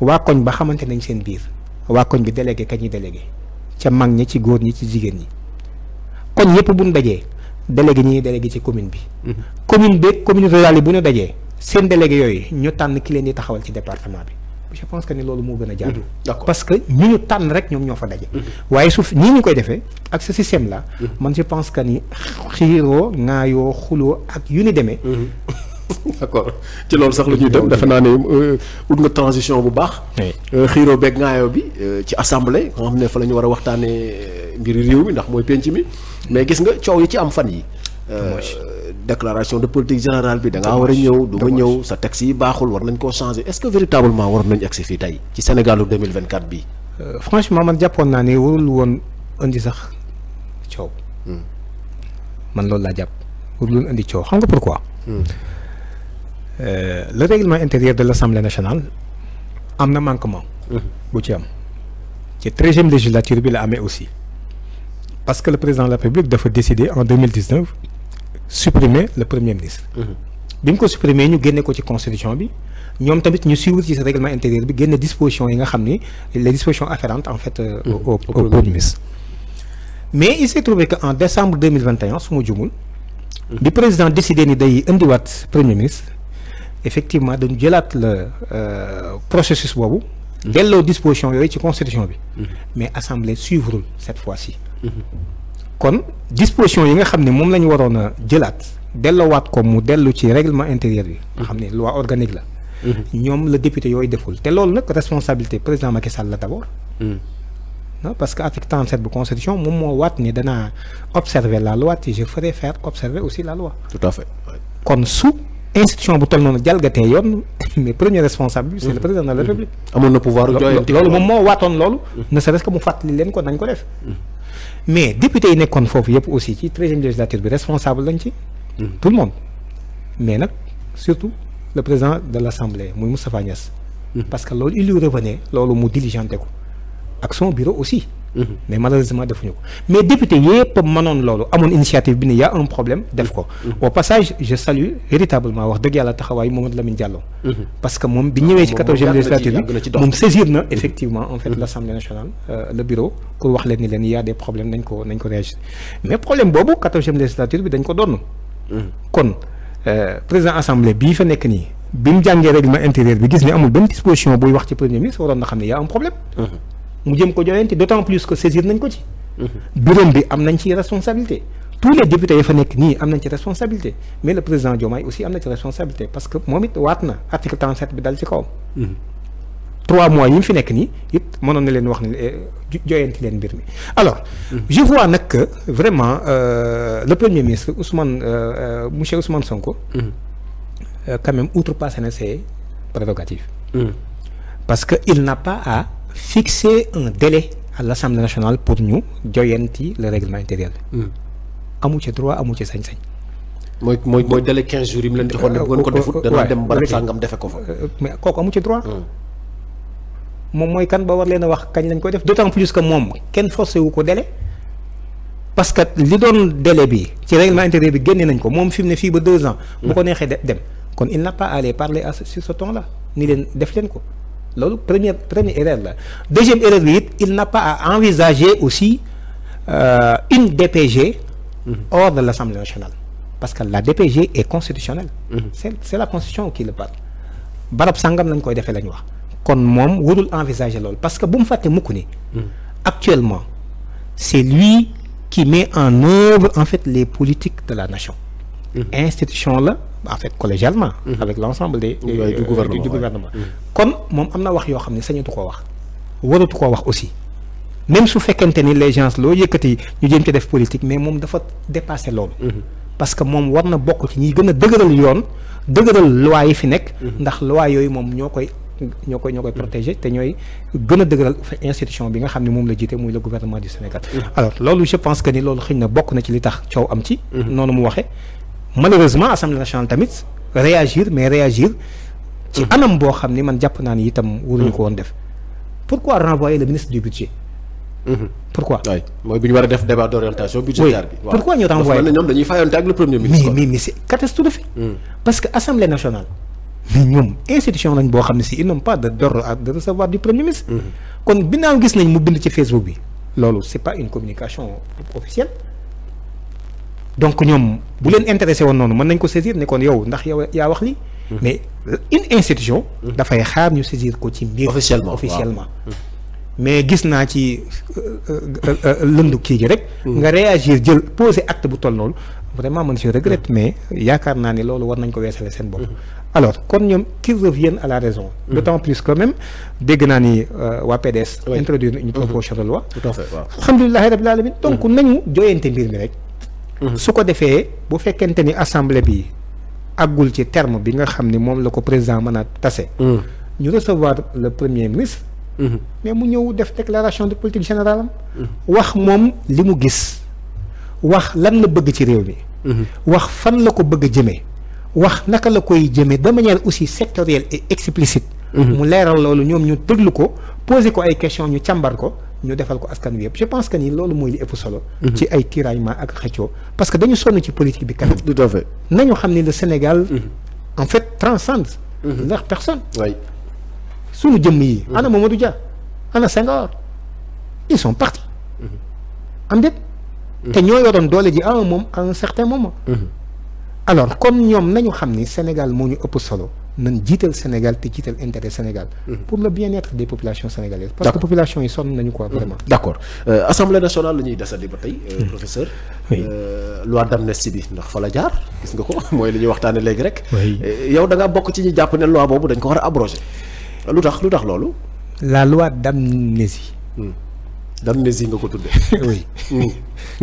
waa koñ ba xamante nañ seen biir waa koñ bi délégué ka ñuy délégué ca mag ñi ci góor ñi ci jigéen ñi koñ yëpp bu ñu dajee délégué ñi délégué ci commune bi. Mhm. commune beeg commune rurale yi bu ñu dajee seen délégué yooyu ñu tànn ki leen di taxawal ci département bi. je pense que ni loolu moo gën a jaadu mhm. parce que ñi ñu tànn rek ñoom ñoo fa daje mhm. waaye suuf ñii ñu koy defee ak ce système la man je pense que ni xiiroo ŋaayoo xuloo ak yu ni demee d'accord ci loolu sax la ñuy dem defe naa ne euh, ut nga transition bu baax. Euh, xiiroo beeg ngaayoo bi euh, ci assemblée nga xam ne fa la ñu war a waxtaanee mbiri réew mi ndax mooy penc mi mais gis nga coow yi ci am fan yi déclaration de politique générale bi da ngaa war a ñëw du ma ñëw sa texte yi baaxul war nañ koo changer est-ce que véritablement war nañ si fii tey ci Sénégalu 2024 bii. franchement man jàppoon naa ne warul woon indi sax coow. Hmm. man loolu laa jàpp warul woon indi coow xam nga pourquoi. Hmm. Eh, le règlement intérieur de l'Assemblée nationale am na manquement. bu ci am ci treizième législature bi la amee aussi parce que le président de la République dafa décider en deux mille dix-neuf supprimer le premier ministre. Mhm. bi mu ko supprimer ñu génne ko ci constitution bi ñoom tamit ñu suivre ci règlement intérieur bi génne disposition yi nga xam ni les dispositions afférentes en fait. Euh, mhm. au au premier ministre. mais il s'est trouvé que en décembre deux mille vingt et un su ma jumul. Mhm. bi président décidé ni day indiwaat premier ministre. effectivement dañu jëlaat la euh, processus boobu delloo disposition yooyu ci constitution bi mm-hmm. mais assemblée suivrul cette fois-ci mm-hmm. kon disposition yi nga xam ne moom la ñu waroon a jëlaat delloowaat ko mu dellu ci règlement intérieur bi nga mm-hmm. xam ne loi organique la ñoom la député yooyu deful te loolu nag responsabilité président Macky Sall la d'abord mm. parce que article 37 bu constitution moom moo waat ni danaa observer la loi te je ferai faire observer aussi la loi tout à institution bu toll noonu jalgatee yoon mais premier responsable bi c'est le président de la mm-hmm. république loolu moom moo waatoon loolu mm-hmm. ne serait-ce que mu fàttali leen ko nañ ko def mm-hmm. mais député yi nekkoon foofu yëpp aussi ci treizième législature bi responsable lañ ci tout le monde mais nag surtout le président de l'assemblée muy Moustapha Niass parce que loolu il lui loolu mu diligenté ko ak son bureau aussi mais malheureusement defuñu ko mais député yëpp mënoon loolu amoon initiative bi ne y' a problème def ko. Mm-hmm. au passage je salue véritablement wax dëgg yàlla taxawaay Mamadou Lamine Diallo. Mm-hmm. parce que moom bi ñëwee ci quatorzième législature bi moom saisir na mm-hmm. effectivement en fait l' assemblée nationale euh, le bureau pour wax leen ni leen y' a des problèmes nañ ko nañ ko réagir mais problème boobu quatorzième législature bi dañ ko doon. kon euh, président assemblée bii fa nekk nii bi mu jàngee règlement intérieur mu jëm ko joyanti d' autant plus que saisir nañ ko ci. bureau bi am nañ ci responsabilité. tous les députés yi fa nekk nii am nañ ci responsabilité mais le président Diomaye aussi am na ci responsabilité parce que moom it waat na article 37 bi dal ci kawam. trois mois yi mu fi nekk nii it mënoon na leen wax ne eh, joyanti leen mbir mi alors. je vois nag que vraiment euh, le premier ministre Ousmane euh, euh, monsieur Ousmane Sonko. quand même outrepassé na ses prérogatives. Mm. parce que il n'a à. fixer un délai à l'Assemblée nationale pour ñu joyanti le règlement intérieur bi. Hmm. amu ci droit amu ci sañ-sañ. mooy mooy mooy délai 15 jours yi mu leen joxoon ne bu ngeen ko defut dana dem barab sàngam defe ko fa. Euh, euh, mais kooku amu ci droit. Hmm. moom mooy kan ba war leen a wax kañ lañ koy def d'autant plus que moom kenn forcé wu ko délai. parce que li doon délai bi ci règlement intérieur bi génne nañ ko moom fi mu ne fii ba deux ans. bu ko neexee dem kon il n'a pas à aller à sur ce ton ni leen def leen ko. loolu première première erreur la deuxième erreur bi it il n'a pa à envisager aussi euh, une DPG mm-hmm. or de l'Assemblée nationale parce que la DPG est constitutionnelle mm-hmm. c'est la constitution qui le parle barab sàngam lañ koy defee la ñu wax kon moom warul envisager loolu parce que bu mu fàtte mukk ni mm-hmm. actuellement c'est lui qui met en œuvre en fait les politiques de la nation institution la en fait collégialement mhm. avec l'ensemble des euh, du gouvernement mhm. kon moom am na wax yoo xam ne sañatu koo wax waratu koo wax aussi même su fekkente ni les gens loo yëkkati ñu jéem ci def politique mais moom dafa dépassé loolu mhm. parce que moom war na bokk ci ñiy gën a dëgëral yoon dëgëral loi yi fi nekk ndax loi yooyu moom ñoo koy ñoo koy ñoo te ñooy gën a dëgëral institution bi nga xam ne moom la jiite muy le gouvernement du Sénégal alors loolu je pense que ni bokk na ci li tax coow am ci malheureusement assemblée nationale tamit réagir mais réagir. ci hmm. anam boo xam ni man jàpp naa ni itam. waruñu hmm. ko woon def pourquoi renvoyer le ministre du budget. Hmm. pourquoi. mooy bi ñu war a def débat d'orientation budgétaire bi. pourquoi ñu renvoyer ñoom dañuy fayante ak le premier ministre. mais mais mais parce que assemblée nationale. mais ñoom institution lañ boo xam ne si ils n'ont pas de d'ordre à de recevoir du premier ministre. kon binaaw gis nañ mu bind ci Facebook bi. loolu c'est pas une communication officielle donc ñoom. bu leen intéressé woon noonu mën nañ ko saisir ne kon yow ndax yow yaa wax li mhm. mais une institution. Mhm. dafay xaar ñu saisir ko ci mbir. officiellement officiellement. Mhm. mais gis naa ci euh, euh, euh, lëndu kii gi rek. nga réagir jël poser act bu toll loolu vraiment man je regrette mais yaakaar naa ne loolu war nañ ko weesale seen bopp. alors kon ñoom qu'ils reviennent à la raison. d'autant plus que même dégg naa ni waa PDS. introduire une proposition de loi. tout à fait waaw alhamdulilah rabbil alamin donc nañu jooyante mbir mi rek. Mhm. su ko defee bu fekkente ni assemblée bi àggul ci terme bi nga xam ni moom la ko président mën a tase. Mhm. ñu recevoir le premier ministre. Mhm. mais mu ñëw def déclaration de politique générale wax moom li mu gis. wax lan la bëgg ci réew mi. wax fan la ko bëgg a jëmee. wax naka la koy jëmee de manière aussi sectorielle et explicite. mu leeral loolu ñoom ñu déglu ko poser ko ay question ñu càmbar ko. ñu defal ko askan wi yëpp je pense que ni loolu mooy li ëpp solo. Mhm. ci ay tiraillement ak xëccoo parce que dañu sonn ci politique bi kanam. tout à fait nañu xam ni le Sénégal. Mhm. en fait transcende. leur mhm. personne. waay suñu jëmm yi. ana Mamadou Dia ana Senghor ils sont partis. am déet. te ñoo yoroon doole ji à un moment à un certain moment. alors comme ñoom nañu xam ni Sénégal moo ñu ëpp solo. nañ jiital Sénégal te jiital intérêt Sénégal. Mhm. pour le bien-être des populations sénégalaises. parce que population yi sonn nañu quoi mhm. vraiment. d' accord euh, assemblée nationale la ñuy ba tey. Euh, mhm. professeur. oui euh, loi d' amnistie bi ndax fa la jaar gis nga ko mooy li ñuy waxtaanee léegi rek. yow da ngaa bokk ci ñu jàpp ne loi boobu dañ ko war a abrogé lu tax lu tax loolu. la loi d' amnistie. Hmm. d' amnistie nga ko tuddee. oui. Hmm.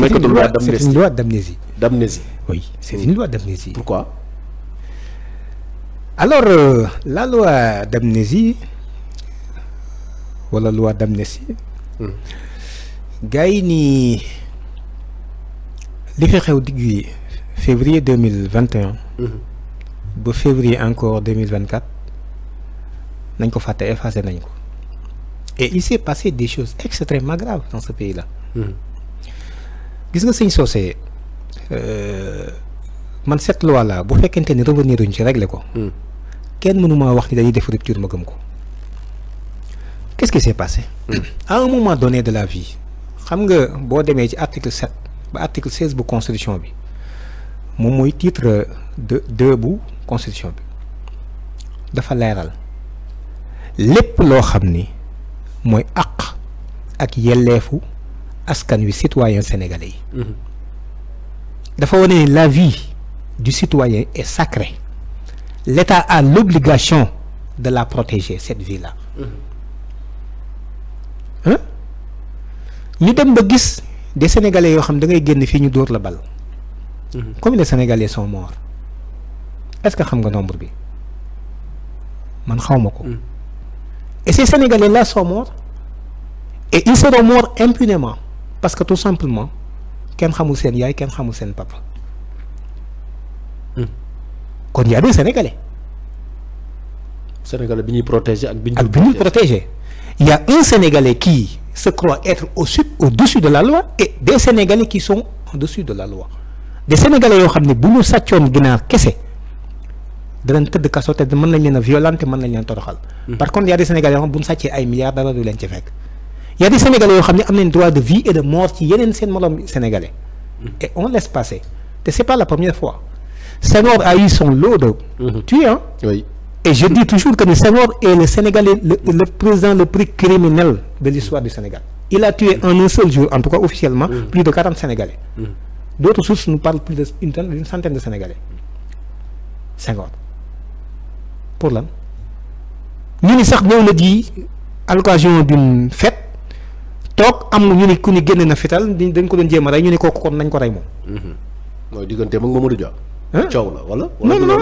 nekkatul loi d' amnistie c' est une loi d' amnistie. d' amnistie. oui c' est une loi d' amnistie. pourquoi. Alors, euh, la loi d'amnésie, ou la loi d'amnésie, mm. Gaïni, l'effet de février 2021, mm. ba février encore 2024, nañ ko fàtte effacé nañ ko et il s'est passé des choses extrêmement graves dans ce pays là. Hmm. gis nga sëñ Socé euh, man cette loi là bu fekkente ni revenir uñ ci réglé ko. Hmm. kenn mënumaa wax ni dañuy def rupture ma gëm ko qu'est-ce qui s'est passé hmm. à un moment donné de la vie xam nga boo demee ci article sept ba article seize bu bi moom mooy titre de deux bu constitution bi dafa leeral lépp loo xam ni mooy àq ak yelleefu askan wi citoyen sénégalais yi hmm. dafa wane ni la vie du citoyen est sacrée l'État a l'obligation de la protéger cette villa ñu dem ba gis de sénégalais yoo xam da ngay génn fii ñu dóor la bal. combien de sénégalais sont morts est-ce que xam nga nombre bi man xaw ma ko. Hmm. et ces sénégalais-là sont morts et ils seront morts impunément parce que tout simplement kenn xamul seen yaay kenn xamul seen papa. kon y a des sénégalais. bi ñuy protéger ak bi ñuy protéger il y a un sénégalais qui se croit être au sud au-dessus de la loi et des sénégalais qui sont au-dessus de la loi des sénégalais yoo xam ne bu ñu sàccoon ginaar kese danañ tëdd kaso te mën nañ leen a mën nañ leen toroxal. Hmm. par contre y a des sénégalais yoo xam ne bu ñu sàccee ay milliards dara du leen ci fekk. y a des yoo xam ne am nañ droit de vie et de mort ci yeneen seen moroom sénégalais. Hmm. et on laisse passer te c'est fois. Senghor a eu son lot de tués et je dis toujours que Senghor est le Sénégalais le, le président le plus criminel de l'histoire du Sénégal il a tué en un seul jour en tout cas officiellement mhm. plus de 40 Sénégalais mhm. d'autres sources nous parlent plus d'une centaine de Sénégalais Senghor pour lan ñu ni sax ñëw na ji à l'occasion d'une fête toog am ñu ni ku ni génne na fital dañ ko doon jéem a rey ñu ne kooku kon nañ ko rey moom mhm. mooy diggante mag Mamadou Dia coow la wala.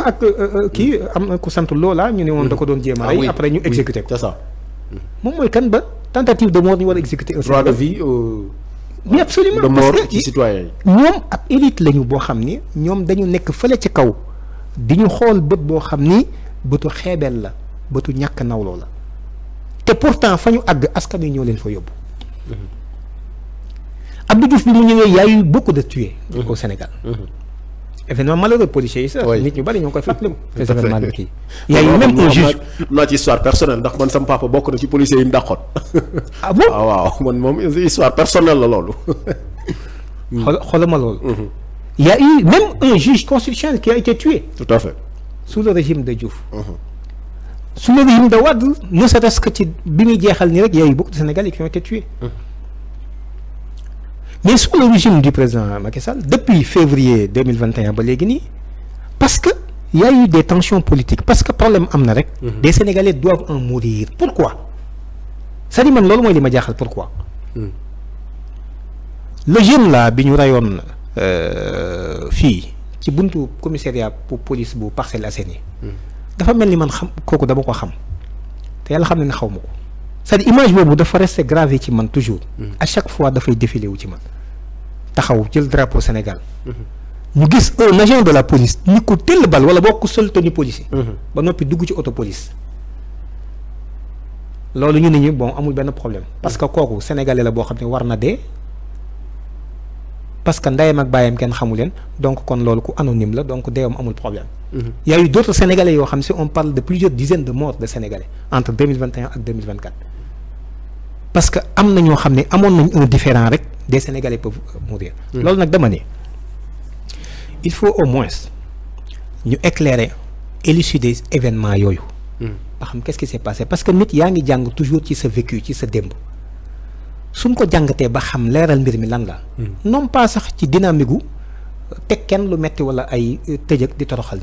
ak euh, euh, kii hmm. am na ku sant loola ñu ne woon da ko doon jéem a ah après ñu exécuté ko. c'est ça moom mooy kan ba tentative de mort ñu war a exécuté. droit de vie. Euh, mais ab élite lañu boo xam ni ñoom dañu nekk fële ci kaw di ñu xool bët boo xam ni bëtu xeebeel la bëtu ñàkk nawloo la te pourtant fa ñu àgg askan wi ñoo leen fa yóbbu mm-hmm. Abdou Diouf bi mu ñëwee yaayu beaucoup de tués mm-hmm. au Sénégal mm-hmm. événement malheureux policier yi sax. nit ñu bari ñoo ngi koy fàttaliku. ces événements kii. y a eu même un juge naa ci histoire personnelle ndax man sama bokk na ci policier yi mu dàqoon. ah bon ah, waaw man moom histoire personnelle la loolu. ma loolu. Mhm. a eu un juge constitutionnel qui a été tué. tout à fait. sous le régime de Diouf. Mhm. sous le régime de Wade ne serait-ce ci bi muy jeexal nii rek y a eu beaucoup de Sénégalais qui été tués. Mhm. mais sous le régime du président Macky Sall depuis février 2021 ba léegi nii parce que y a eu des tensions parce que problème am na rek mhm. des Sénégalais doivent en mourir pourquoi c'est-à-dire man loolu mooy li ma jaaxal pourquoi hmm. le jeune là bi ñu rayoon euh, fii ci buntu commissariat pour police bu Parcelles Assainies hmm. dafa mel ni man xam kooku dama ko xam te yàlla xam ne ne xaw ma ko c'est-à-dire image boobu dafa resté gravé ci man toujours. Mm. à chaque fois dafay défilé wu ci man. taxaw jël drapeau Sénégal. Mm-hmm. ñu gis un agent de la police ni ko tëll bal wala boo ko sol tenue policier. Mm-hmm. ba noppi dugg ci auto police. loolu ñu ne ñu bon amul benn problème parce que kooku sénégalais la boo xam ne war na de parce que ndeyam ak baayam kenn xamu leen donc kon loolu ku anonyme la donc deewam amul problème. y a eu d'autres Sénégalais yoo xam si on parle de plusieurs dizaines de morts de Sénégalais entre 2021 ak 2024 parce que am na ñoo xam ne amoon nañ un différent rek des Sénégalais peuvent euh, mourir mm. loolu nag dama il faut au moins ñu éclairer élucider événement yooyu mm. ba xam qu'est-ce qui s'est passé parce que nit yaa ngi jàng toujours ci sa vécu ci sa démb suñ ko jàngatee ba xam leeral mbir mi lan la mm. non pas sax ci dynamique gu teg kenn lu metti wala ay euh, tëjëk di toroxal